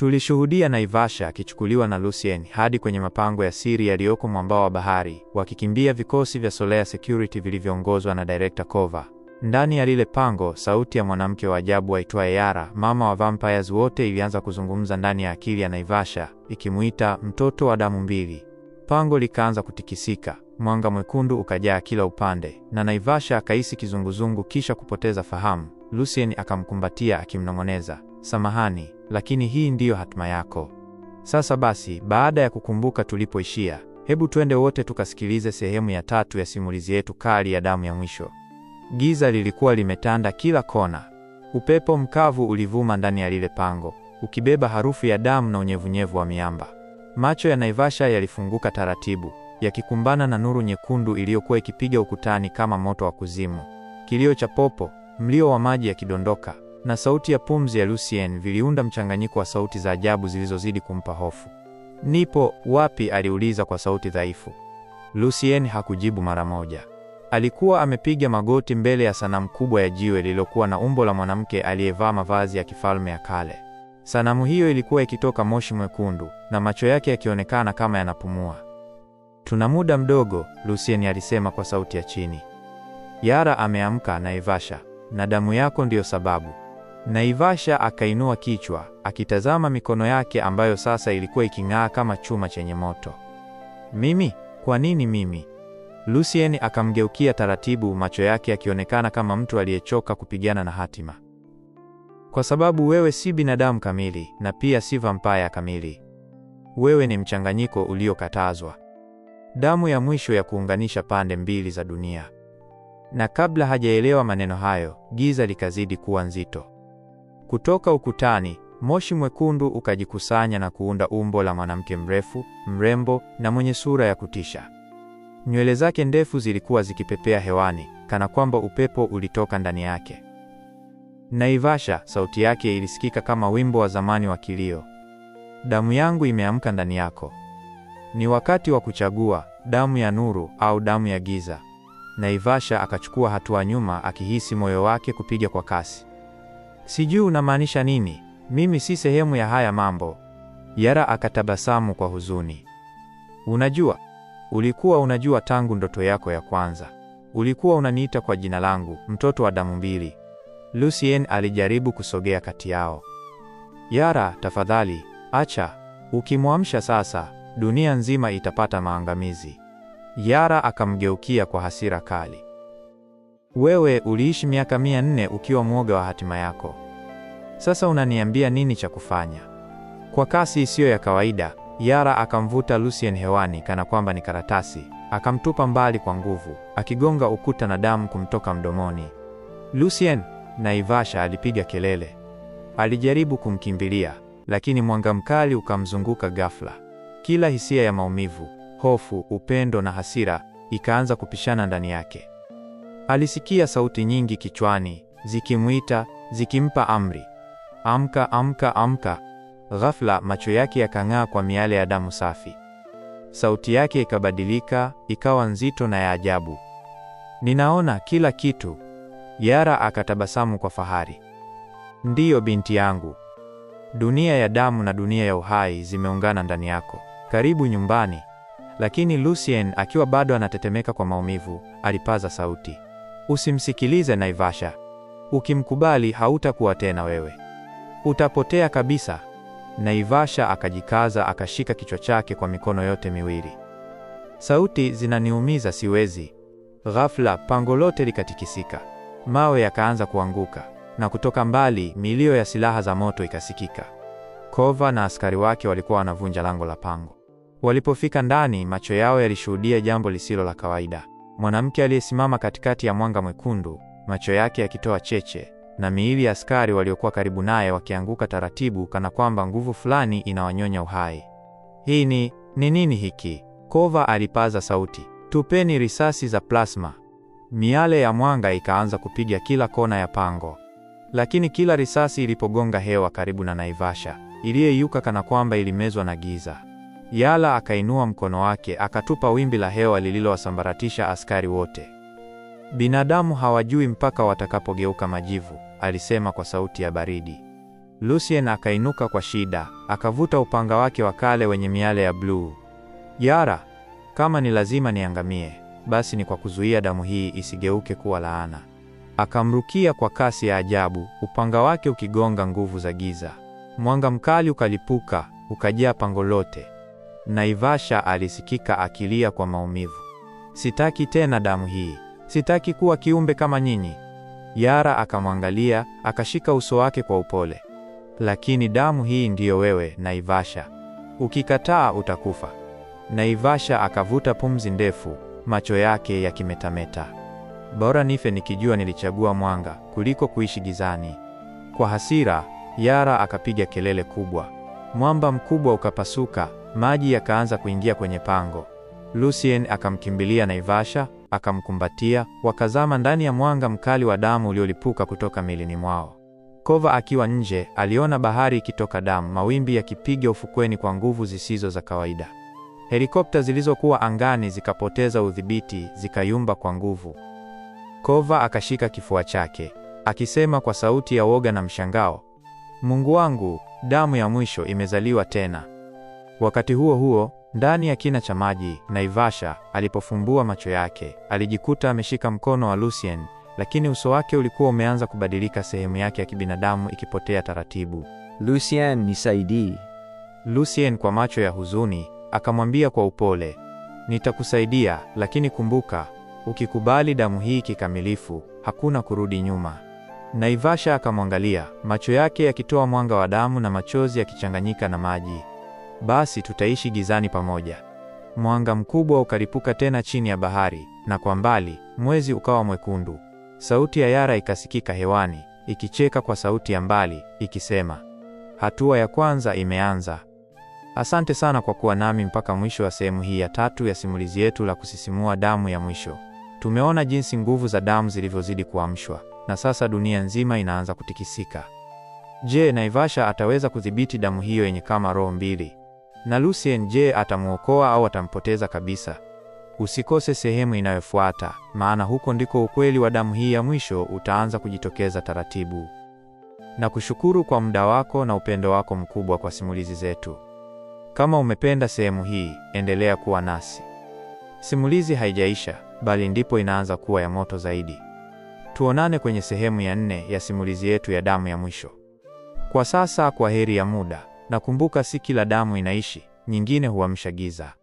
Tulishuhudia Naivasha akichukuliwa na Lucien hadi kwenye mapango ya siri yaliyoko mwambao wa bahari, wakikimbia vikosi vya Solea Security vilivyoongozwa na Director Kova. Ndani ya lile pango, sauti ya mwanamke wa ajabu aitwaye Yara, mama wa vampires wote, ilianza kuzungumza ndani ya akili ya Naivasha, ikimuita mtoto wa damu mbili. Pango likaanza kutikisika, mwanga mwekundu ukajaa kila upande, na Naivasha akahisi kizunguzungu kisha kupoteza fahamu. Lucien akamkumbatia akimnong'oneza samahani, lakini hii ndiyo hatima yako. Sasa basi, baada ya kukumbuka tulipoishia, hebu twende wote tukasikilize sehemu ya tatu ya simulizi yetu kali ya Damu ya Mwisho. Giza lilikuwa limetanda kila kona. Upepo mkavu ulivuma ndani ya lile pango, ukibeba harufu ya damu na unyevunyevu wa miamba. Macho ya Naivasha yalifunguka taratibu, yakikumbana na nuru nyekundu iliyokuwa ikipiga ukutani kama moto wa kuzimu. Kilio cha popo, mlio wa maji yakidondoka na sauti ya pumzi ya Lucien viliunda mchanganyiko wa sauti za ajabu zilizozidi kumpa hofu. Nipo wapi? aliuliza kwa sauti dhaifu. Lucien hakujibu mara moja. Alikuwa amepiga magoti mbele ya sanamu kubwa ya jiwe lililokuwa na umbo la mwanamke aliyevaa mavazi ya kifalme ya kale. Sanamu hiyo ilikuwa ikitoka moshi mwekundu na macho yake yakionekana kama yanapumua. Tuna muda mdogo, Lucien alisema kwa sauti ya chini. Yara ameamka na evasha na damu yako ndiyo sababu. Naivasha akainua kichwa akitazama mikono yake ambayo sasa ilikuwa iking'aa kama chuma chenye moto. Mimi? Kwa nini mimi? Lucien akamgeukia taratibu, macho yake yakionekana kama mtu aliyechoka kupigana na hatima. Kwa sababu wewe si binadamu kamili na pia si vampaya kamili. Wewe ni mchanganyiko uliokatazwa, damu ya mwisho ya kuunganisha pande mbili za dunia. Na kabla hajaelewa maneno hayo, giza likazidi kuwa nzito. Kutoka ukutani moshi mwekundu ukajikusanya na kuunda umbo la mwanamke mrefu, mrembo na mwenye sura ya kutisha. Nywele zake ndefu zilikuwa zikipepea hewani kana kwamba upepo ulitoka ndani yake. Naivasha, sauti yake ilisikika kama wimbo wa zamani wa kilio. Damu yangu imeamka ndani yako. Ni wakati wa kuchagua damu ya nuru au damu ya giza. Naivasha akachukua hatua nyuma akihisi moyo wake kupiga kwa kasi. Sijui unamaanisha nini, mimi si sehemu ya haya mambo. Yara akatabasamu kwa huzuni. Unajua, ulikuwa unajua tangu ndoto yako ya kwanza. Ulikuwa unaniita kwa jina langu, mtoto wa damu mbili. Lucien alijaribu kusogea kati yao. Yara, tafadhali, acha. Ukimwamsha sasa, dunia nzima itapata maangamizi. Yara akamgeukia kwa hasira kali. Wewe uliishi miaka mia nne ukiwa mwoga wa hatima yako. Sasa unaniambia nini cha kufanya? Kwa kasi isiyo ya kawaida, Yara akamvuta Lucien hewani kana kwamba ni karatasi, akamtupa mbali kwa nguvu, akigonga ukuta na damu kumtoka mdomoni. Lucien, Naivasha alipiga kelele. Alijaribu kumkimbilia, lakini mwanga mkali ukamzunguka ghafla. Kila hisia ya maumivu, hofu, upendo na hasira ikaanza kupishana ndani yake. Alisikia sauti nyingi kichwani zikimwita, zikimpa amri, amka, amka, amka. Ghafla macho yake yakang'aa kwa miale ya damu safi. Sauti yake ikabadilika, ikawa nzito na ya ajabu. Ninaona kila kitu. Yara akatabasamu kwa fahari. Ndiyo binti yangu. Dunia ya damu na dunia ya uhai zimeungana ndani yako. Karibu nyumbani. Lakini Lucien akiwa bado anatetemeka kwa maumivu, alipaza sauti. Usimsikilize Naivasha. Ukimkubali hautakuwa tena wewe, utapotea kabisa. Naivasha akajikaza, akashika kichwa chake kwa mikono yote miwili. Sauti zinaniumiza, siwezi. Ghafla pango lote likatikisika, mawe yakaanza kuanguka, na kutoka mbali milio ya silaha za moto ikasikika. Kova na askari wake walikuwa wanavunja lango la pango. Walipofika ndani, macho yao yalishuhudia jambo lisilo la kawaida. Mwanamke aliyesimama katikati ya mwanga mwekundu, macho yake yakitoa cheche na miili ya askari waliokuwa karibu naye wakianguka taratibu, kana kwamba nguvu fulani inawanyonya uhai. Hii ni ni nini hiki? Kova alipaza sauti, tupeni risasi za plasma. Miale ya mwanga ikaanza kupiga kila kona ya pango, lakini kila risasi ilipogonga hewa karibu na Naivasha, iliyeyuka kana kwamba ilimezwa na giza. Yala akainua mkono wake akatupa wimbi la hewa lililowasambaratisha askari wote. Binadamu hawajui mpaka watakapogeuka majivu, alisema kwa sauti ya baridi. Lucien akainuka kwa shida, akavuta upanga wake wa kale wenye miale ya bluu. Yara, kama ni lazima niangamie, basi ni kwa kuzuia damu hii isigeuke kuwa laana. Akamrukia kwa kasi ya ajabu, upanga wake ukigonga nguvu za giza. Mwanga mkali ukalipuka, ukajaa pango lote. Naivasha alisikika akilia kwa maumivu. Sitaki tena damu hii. Sitaki kuwa kiumbe kama nyinyi. Yara akamwangalia, akashika uso wake kwa upole. Lakini damu hii ndiyo wewe, Naivasha. Ukikataa utakufa. Naivasha akavuta pumzi ndefu, macho yake yakimetameta. Bora nife nikijua nilichagua mwanga kuliko kuishi gizani. Kwa hasira, Yara akapiga kelele kubwa. Mwamba mkubwa ukapasuka, Maji yakaanza kuingia kwenye pango. Lucien akamkimbilia Naivasha, akamkumbatia, wakazama ndani ya mwanga mkali wa damu uliolipuka kutoka milini mwao. Kova akiwa nje, aliona bahari ikitoka damu, mawimbi yakipiga ufukweni kwa nguvu zisizo za kawaida. Helikopta zilizokuwa angani zikapoteza udhibiti, zikayumba kwa nguvu. Kova akashika kifua chake, akisema kwa sauti ya woga na mshangao, Mungu wangu, damu ya mwisho imezaliwa tena. Wakati huo huo, ndani ya kina cha maji, Naivasha alipofumbua macho yake, alijikuta ameshika mkono wa Lucien, lakini uso wake ulikuwa umeanza kubadilika, sehemu yake ya kibinadamu ikipotea taratibu. Lucien, nisaidii. Lucien kwa macho ya huzuni akamwambia kwa upole, nitakusaidia, lakini kumbuka, ukikubali damu hii kikamilifu, hakuna kurudi nyuma. Naivasha akamwangalia, macho yake yakitoa mwanga wa damu na machozi yakichanganyika na maji basi tutaishi gizani pamoja. Mwanga mkubwa ukalipuka tena chini ya bahari, na kwa mbali mwezi ukawa mwekundu. Sauti ya Yara ikasikika hewani, ikicheka kwa sauti ya mbali ikisema, hatua ya kwanza imeanza. Asante sana kwa kuwa nami mpaka mwisho wa sehemu hii ya tatu ya simulizi yetu la kusisimua Damu ya Mwisho. Tumeona jinsi nguvu za damu zilivyozidi kuamshwa na sasa dunia nzima inaanza kutikisika. Je, Naivasha ataweza kudhibiti damu hiyo yenye kama roho mbili? Na Lucien je, atamwokoa au atampoteza kabisa? Usikose sehemu inayofuata, maana huko ndiko ukweli wa damu hii ya mwisho utaanza kujitokeza taratibu. Na kushukuru kwa muda wako na upendo wako mkubwa kwa simulizi zetu. Kama umependa sehemu hii, endelea kuwa nasi. Simulizi haijaisha, bali ndipo inaanza kuwa ya moto zaidi. Tuonane kwenye sehemu ya nne ya simulizi yetu ya damu ya mwisho. Kwa sasa, kwa heri ya muda. Nakumbuka si kila damu inaishi, nyingine huamsha giza.